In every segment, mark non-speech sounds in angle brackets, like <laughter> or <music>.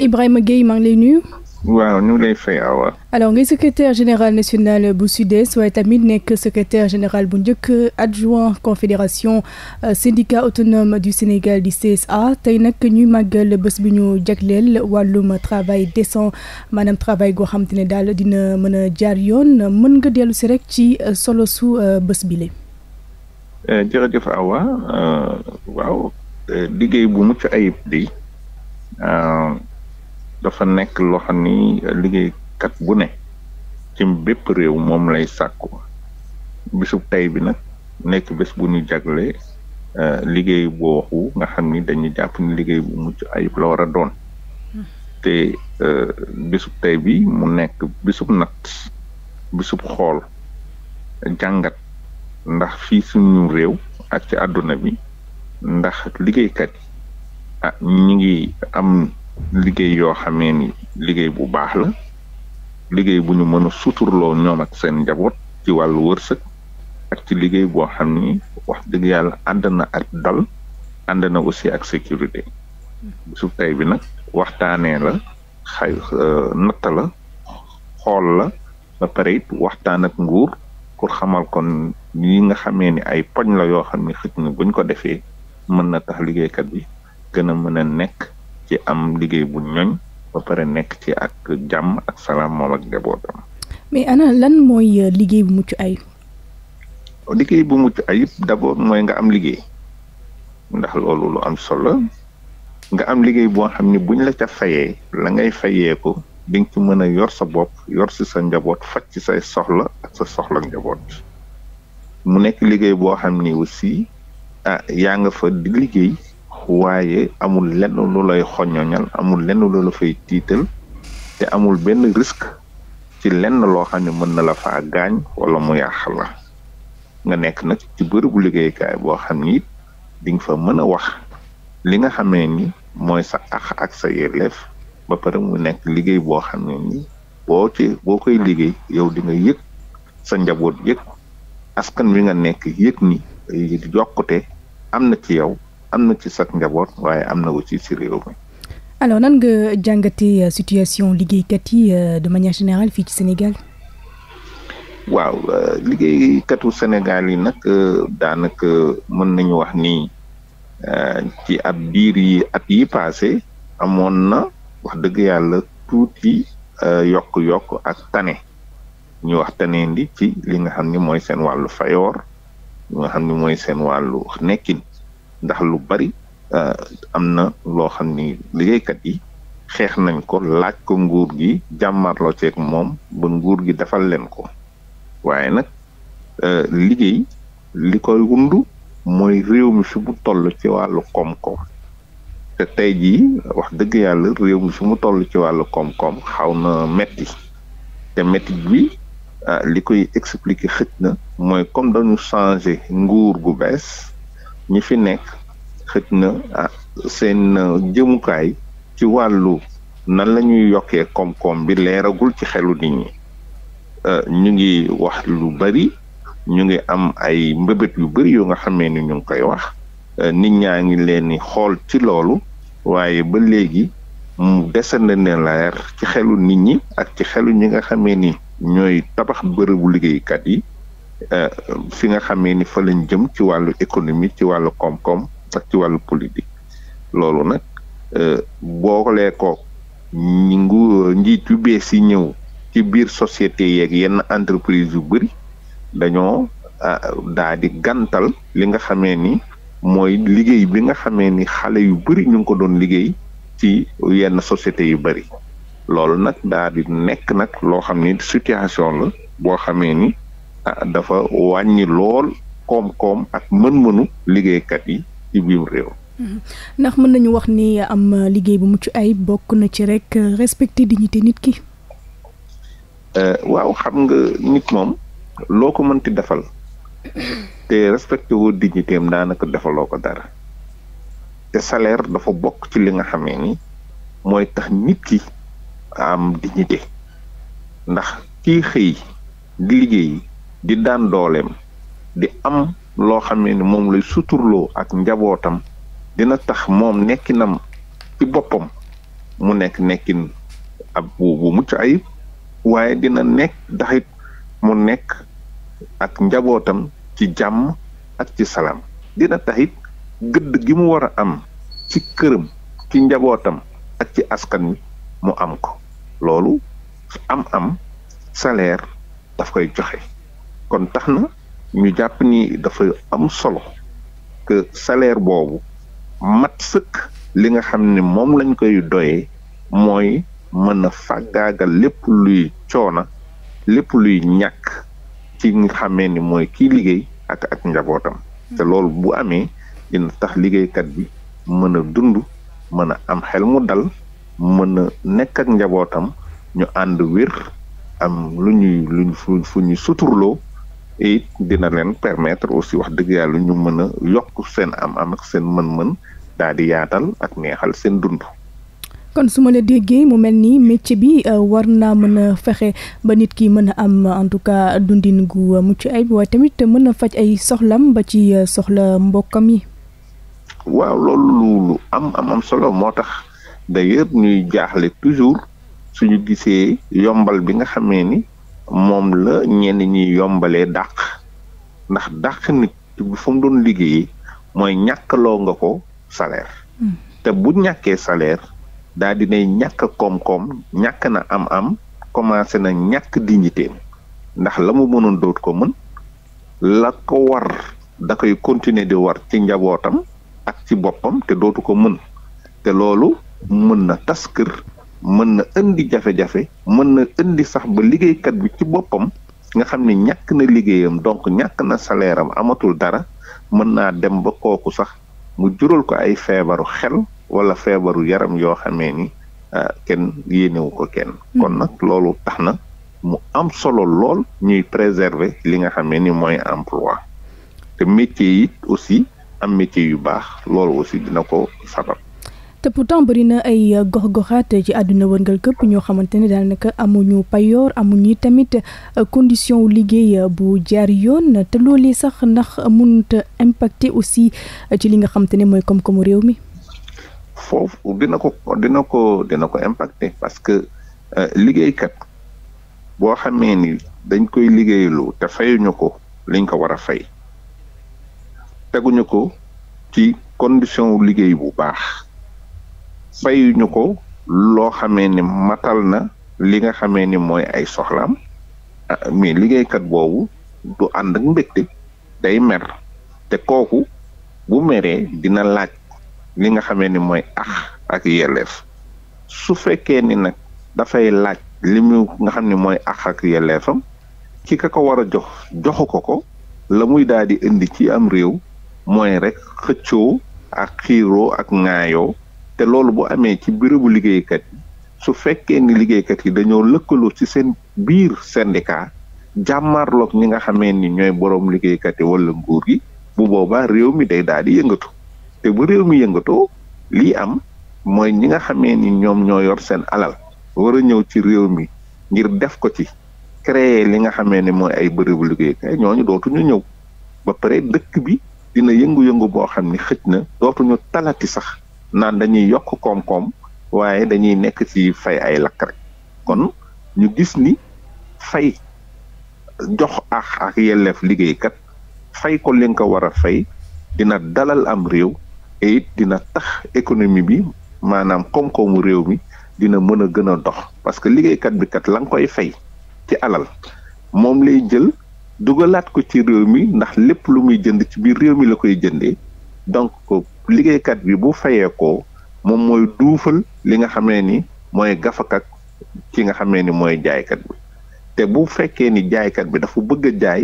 Ibrahima Gueye maa ngi lay nuyu. waaw ñu lay fay awa. alors ngay secrétaire général national bu SUDES waaye tamit nekk secrétaire général bu njëkk adjoint confédération euh, syndicat autonome du Sénégal di CSA tey nag ñuy màggal bës bi ñu jagleel wàllum travail décent maanaam travail goo xam te ne daal dina mën a jaar yoon mën nga dellu si rek ci euh, solo su euh, bés bi awa waaw liggéey bu mucc ayib di. dafa nekk loo xam ni liggéeykat bu ne ci bépp réew moom lay sàkku bisub tey bi nag nekk bés bu ñu jagle euh, liggéey boo waxu nga xam ni dañuy jàpp ni liggéey bu mucc ayib la war a doon te euh, bisub tey bi mu nekk bisub nat bisub xool jàngat ndax fii suñu réew ak ci àdduna bi ndax liggéeykat yi ah ñi ngi am liggéey yoo xamee ni liggéey bu baax la liggéey bu ñu mën a suturloo ñoom ak seen njaboot ci wàllu wërsëg ak ci liggéey boo xam ni wax dëgg yàlla ànd na ak dal ànd na aussi ak sécurité su tey bi nag waxtaanee la xay euh, natta la xool la ba pare it waxtaan ak nguur pour xamal kon yi nga xamee ni ay poñ la yoo xam ni xëj na buñ ko defee mën na tax liggéeykat bi gën a mën a nekk ci am liggéey bu ñoñ ba pare nekk ci ak jàmm ak salaam moom ak njabootam. mais ana lan mooy euh, liggéey bu mucc ayib. Oh, liggéey bu mucc ayib d'abord mooy nga am liggéey ndax loolu lu am solo nga am liggéey boo xam ni buñ la ca fayee la ngay fayee ko di nga ci mën a yor sa bopp yor si sa njaboot faj ci say soxla ak sa soxla njaboot mu nekk liggéey boo xam ni aussi ah yaa nga fa di liggéey. waaye amul lenn lu lay xoñoñal amul lenn lu la fay tiital te amul benn risque ci lenn loo xam ne mën na la faa gaañ wala mu yàq la nga nekk nag ci bërëbu liggéeykaay boo xam ni di nga fa mën a wax li nga xamee ni mooy sa ax ak sa yelleef ba pare mu nekk liggéey boo xam ne ni boo ci boo koy liggéey yow di nga yëg sa njaboot yëg askan wi nga nekk yëg ni yokkute am na ci yow am na ci sax njaboot waaye am na aussi ci réew mi. alors nan nga jàngate euh, situation liggéeykat yi euh, de manière générale fii ci Sénégal. waaw euh, katu Sénégal yi nag daanaka mën nañu wax ni ci ab diir yi at yi passé amoon na wax dëgg yàlla tuuti yokk-yokk ak tane ñu wax taneen ci li nga xam ni mooy seen wàllu fayoor li nga xam ni mooy seen wàllu nekkin. ndax lu bari euh, am na loo xam ni liggéeykat yi xeex nañ ko laaj ko nguur gi jàmmarloo ceeg moom ba nguur gi defal leen ko waaye nag euh, liggéey li koy wundu mooy réew mi fi mu toll ci wàllu koom-koom te tey jii wax dëgg yàlla réew mi fi mu toll ci wàllu koom-koom xaw na metti te metti bi euh, li koy expliquer xëj na mooy comme dañu changer nguur gu bees ñi fi nekk xëj na ah, seen euh, jëmukaay ci wàllu nan lañuy yokkee koom-koom bi leeragul ci xelu nit ñi euh, ñu ngi wax lu bari ñu ngi am ay mbëbët yu bari yoo nga xamee ni ñu ngi koy wax euh, nit ñaa ngi leen di xool ci loolu waaye ba léegi mu desande ne leer ci xelu nit ñi ak ci xelu ñi nga xamee ni ñooy tabax bërëbu liggéeykat yi Euh, fi nga xamee ni fa lañ jëm ci wàllu économie ci wàllu koom-koom ak ci wàllu politique loolu nag euh, boolee ko ñi ngu euh, njiit yu bees yi ñëw ci biir société yeeg yenn entreprise yu bëri dañoo daa di gàntal li nga xamee ni mooy liggéey bi nga xamee ni xale yu bëri ñu ngi ko doon liggéey ci yenn société yu bëri loolu nag daa nekk nag loo xam ni situation la boo xamee ni Ah, dafa wàññi lool koom-koom ak mën-mënu liggéeykat yi ci biir réew. Mhm. ndax mën nañu wax ni am liggéey bu mucc ay bokk na ci rek respecter dignité nit ki. Eh, waaw xam nga nit moom loo ko mënti defal <coughs> te respecté woo dignité daanaka defaloo ko dara te salaire dafa bokk ci li nga xamee ni mooy tax nit ki am dignité ndax kii xëy di liggéey di daan dooleem di am loo xamee ni moom lay suturloo ak njabootam dina tax moom nekkinam ci boppam mu nekk nekkin ab bu mucc ayib waaye dina nekk daxit mu nekk ak njabootam ci jàmm ak ci salaam dina taxit gëdd gi mu war a am ci këram ci njabootam ak ci askan wi mu am ko loolu am am salaire daf koy joxe kon tax na ñu jàpp ni dafa am solo que salaire boobu mat sëkk li nga xam ni moom lañ koy doyee mooy mën a fàggaagal lépp luy coona lépp luy ñàkk ci nga xamee ni mooy kiy liggéey ak ak njabootam hmm. te loolu bu amee dina tax liggéeykat bi mën a dund mën a am xel mu dal mën a nekk ak njabootam ñu ànd wér am lu ñuy fu ñuy suturloo et it dina leen permettre aussi wax dëgg yàlla ñu mën a yokk seen am-am ak seen mën-mën daal di yaatal ak neexal seen dund. kon su ma la déggee mu mel nii métier bi euh, war naa mën a fexe ba nit ki mën a am en tout cas dundin gu mucc ayib waaye tamit mën a faj ay soxlam ba ci euh, soxla mbokkam yi. waaw loolu lu am am am solo moo tax d'ailleurs ñuy jaaxle toujours suñu gisee yombal bi nga xamee ni moom la ñenn ñi yombalee dàq ndax dàq nit bu fa mu doon liggéey mooy ñàkkaloo nga ko salaire hmm. te bu ñàkkee salaire daa dinay ñàkk koom-koom ñàkk na am-am commencé na ñàkk dignité ndax la mu mënoon doot ko mën la ko war da koy continuer di war ci njabootam ak ci boppam te dootu ko mën te loolu mën na tas kër mën na indi jafe-jafe mën na indi sax ba liggéeykat bi ci boppam nga xam ne ñàkk na liggéeyam donc ñàkk na salaire am amatul dara mën naa dem ba kooku sax mu jural ko ay feebaru xel wala feebaru yaram yoo xamee ni ah, kenn yéenewu ko kenn hmm. kon nag loolu tax na mu am solo lool ñuy préserver li nga xamee ni mooy emploi te métier yi aussi am métier yu baax loolu aussi dina ko sabab te pourtant bëri na ay gox-goxaat ci àdduna wërngal këpp ñoo xamante ne daanaka amuñu payoor amuñu tamit euh, condition liggéey euh, bu jaar yoon te loolee sax ndax mënut a aussi euh, ci li nga xamante ne mooy koom-koomu réew mi. foofu dina ko dina ko dina ko impacter parce que liggéeykat boo xamee ni dañ koy liggéeyalu te fayuñu ko liñ ko war a fay teguñu ko ci condition liggéey bu baax. fayuñu ko loo xamee ni matal na li nga xame ni mooy ay soxlaam ah, mais liggéeykat boobu du ànd ak mbégte day mer te kooku bu meree dina laaj li nga xamee ni mooy ax ak yelleef su fekkee ni nag dafay laaj li mu nga xam ni mooy ax ak yelleefam ki ka ko war a jox joxu ko ko la muy daal di indi ci am réew mooy rek xëccoo ak xiiro ak ŋaayoo te loolu bu amee ci bérébu liggéeykat yi su fekkee ni liggéeykat yi dañoo lëkkaloo ci seen biir syndicat jàmmarloog ñi nga xamee ni ñooy boroom liggéeykat yi wala nguur gi bu boobaa réew mi day daal di yëngatu te bu réew mi yëngatoo lii am mooy ñi nga xamee ni ñoom ñoo yor seen alal war a ñëw ci réew mi ngir def ko ci créer li nga xamee ni mooy ay bërëbu liggéeykaay ñooñu dootuñu ñëw ba pare dëkk bi dina yëngu-yëngu boo xam ni xëj na dootuñu talati sax naan dañuy yokk koom-koom waaye dañuy nekk ci fay ay lakk rek kon ñu gis ni fay jox ax ak yelleef liggéeykat fay ko li ko war a fay dina dalal am réew et it dina tax économie bi maanaam koom-koomu réew mi dina mën a gën a dox parce que liggéeykat bi kat la nga koy fay ci alal moom lay jël dugalaat ko ci réew mi ndax lépp lu muy jënd ci biir réew mi la koy jëndee donc liggéeykat bi bu fayeekoo moom mooy duufal li nga xamee ni mooy gafakak ki nga xamee ni mooy jaaykat bi te bu fekkee ni jaaykat bi dafa bëgg jaay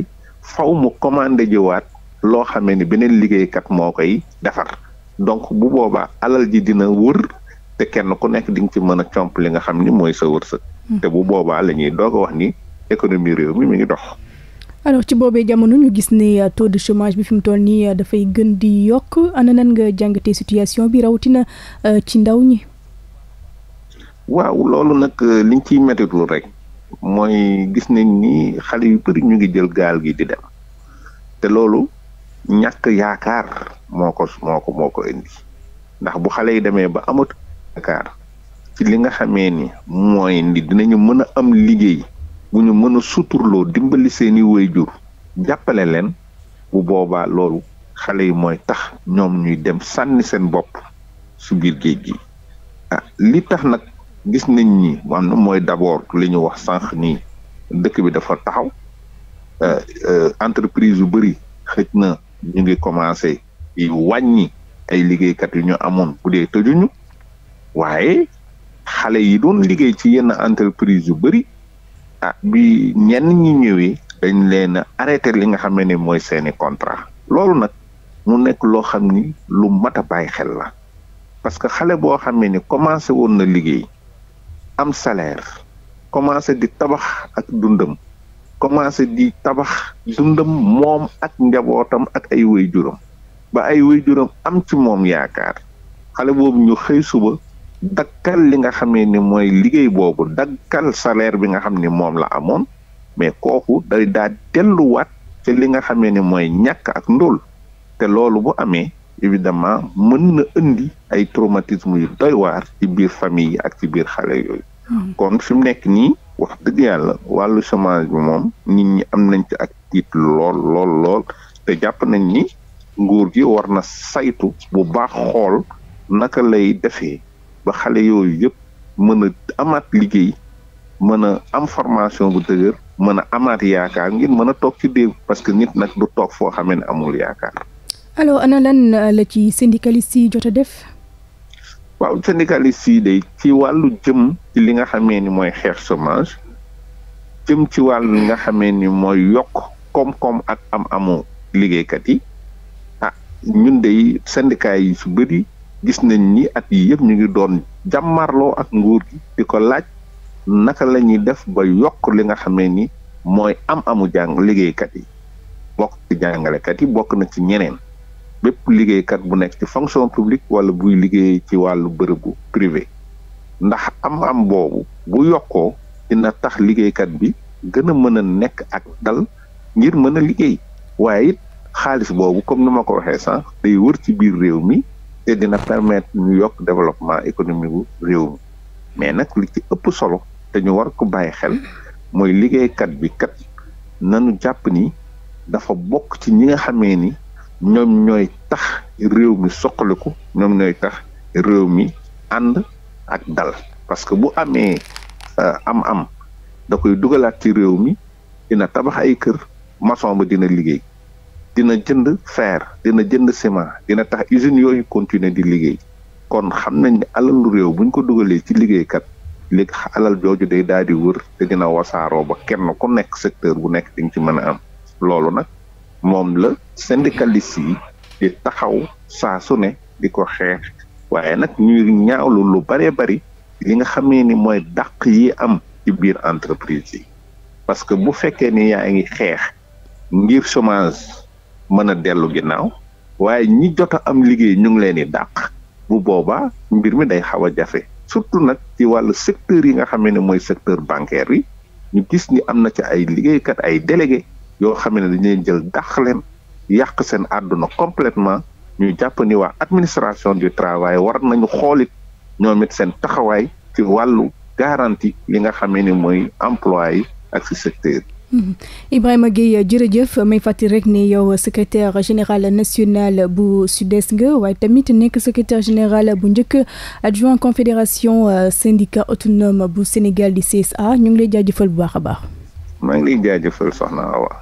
faw mu commandé jiwaat loo xamee ni beneen liggéeykat moo koy defar donc bu boobaa alal ji dina wër te kenn ku nekk di nga ci mën a comp li nga xam ni mooy sa wërsëg. Hmm. te bu boobaa la ñuy doog wax ni économie réew mi mi ngi dox. alors ci boobee jamono ñu gis ne euh, taux de chômage bi fi mu toll nii euh, dafay gën di yokk ana nan jàngatee situation bi rawatina euh, ci ndaw ñi. waaw loolu nag liñ ciy méttiwul rek mooy gis nañ ni xale yu bëri ñu ngi jël gaal gi di dem te loolu ñàkk yaakaar moo ko moo ko indi ndax bu xale yi demee ba amatu yaakaar ci li nga xamee ni mooy ni dinañu mën a am liggéey. bu ñu mën a suturloo dimbali seeni waajur jàppale leen bu boobaa loolu xale yi mooy tax ñoom ñuy dem sànni seen bopp su biir géej gi ah li tax nag gis nañ ni am na mooy d'abord li ñu wax sànq ni dëkk bi dafa taxaw euh, euh, entreprise yu bëri xëj na ñu ngi commencé di wàññi ay liggéeykat yu ñu amoon bu dee tëjuñu waaye xale yi doon liggéey ci yenn entreprise yu bëri a ah, bi ñenn ñi ñëwee dañ leen arrêté li nga xam ne ni mooy seeni contrat loolu nag mu nekk loo xam ni lu mat a bàyyi xel la parce que xale boo xamee ne ni commencé woon na liggéey am salaire commencé di tabax ak dundam commencé di tabax dundam moom ak njabootam ak ay wéyjuram ba ay wéyjuram am ci moom yaakaar xale boobu ñu xëy suba dakkal li nga xamee ni mooy liggéey boobu dakkal salaire bi nga xam ni moom la amoon mais kooku day daa delluwaat ci li nga xamee ni mooy ñàkk ak ndóol te loolu bu amee évidemment mën na indi ay traumatisme yu doy waar ci biir famille yi ak ci biir xale yooyu hmm. kon fi mu nekk nii wax dëgg yàlla wàllu chômage bi moom nit ñi am nañ ci ak tiit lool lool lool te jàpp nañ ni nguur gi war na saytu bu baax xool naka lay defee ba xale yooyu yëpp mën a amaat liggéey mën a am formation bu dëgër mën a amaat yaakaar ngir mën a toog ci déew parce que nit nag du toog foo xamee ne amul yaakaar. alors ana lan euh, la ci syndicaliste yi jot a def. waaw syndicaliste yi day ci wàllu jëm ci li nga xamee ni mooy xeex chômage jëm ci wàllu li nga xamee ni mooy yokk koom-koom ak am amu liggéeykat yi ah ñun day syndicat yi su bëri gis nañ ni at yi ñu ngi doon jàmmarloo ak nguur gi di ko laaj naka la ñuy def ba yokk li nga xam ne ni mooy am amu jàng liggéeykat yi bokk ci jàngalekat yi bokk na ci ñeneen bépp liggéeykat bu nekk ci fonction publique wala buy liggéey ci wàllu bërëbu privé ndax am am boobu bu yokkoo dina tax liggéeykat bi gën a mën a nekk ak dal ngir mën a liggéey waaye it xaalis boobu comme ni ma ko waxee sànq day wër ci biir réew mi te dina permettre ñu yokk développement économique wu réew mi mais nag li ci ëpp solo te ñu war ko bàyyi xel mooy liggéeykat bi kat nanu jàpp ni dafa bokk ci ñi nga xamee ni ñoom ñooy tax réew mi soqaliku ñoom ñooy tax réew mi ànd ak dal parce que bu amee euh, am-am da koy dugalaat ci réew mi dina tabax ay kër maçon ba dina liggéey dina jënd fer dina jënd ciment dina tax usines yooyu continuer di liggéey kon xam nañ ne alalu réew buñ ko dugalee ci liggéeykat léegi alal jooju day daal di wër te dina wasaaroo ba kenn ku nekk secteur bu nekk di ci mën a am loolu nag moom la syndicaliste yi di taxaw saa su di ko xeex waaye nag ñuy ñaawlu lu baree bari li nga xamee ni mooy dàq yi am ci biir entreprise yi parce que bu fekkee ni yaa ngi xeex ngir chômage mën a dellu ginnaaw waaye ñi jot am liggéey ñu ngi leen di dàq bu boobaa mbir mi day xaw a jafe surtout nag ci wàllu secteur yi nga xam ne mooy secteur bancaire yi ñu gis ni am na ci ay liggéeykat ay délégué yoo xam ne dañu jël dàq leen yàq seen àdduna complètement ñu jàpp ni waa administration du travail war nañu xoolit ñoom it seen taxawaay ci wàllu garantie li nga xam ne mooy emploi yi ak ci secteur yi Mhm. Ibrahima Gueye jërëjëf may fàttali rek ne yow secrétaire général national bu SUDES nga waaye tamit nekk secrétaire général bu njëkk adjoint confédération euh, syndicat autonome bu Sénégal di CSA ñu ngi lay jaajëfal bu baax a baax. maa ngi lay jaajëfal soxna Awa.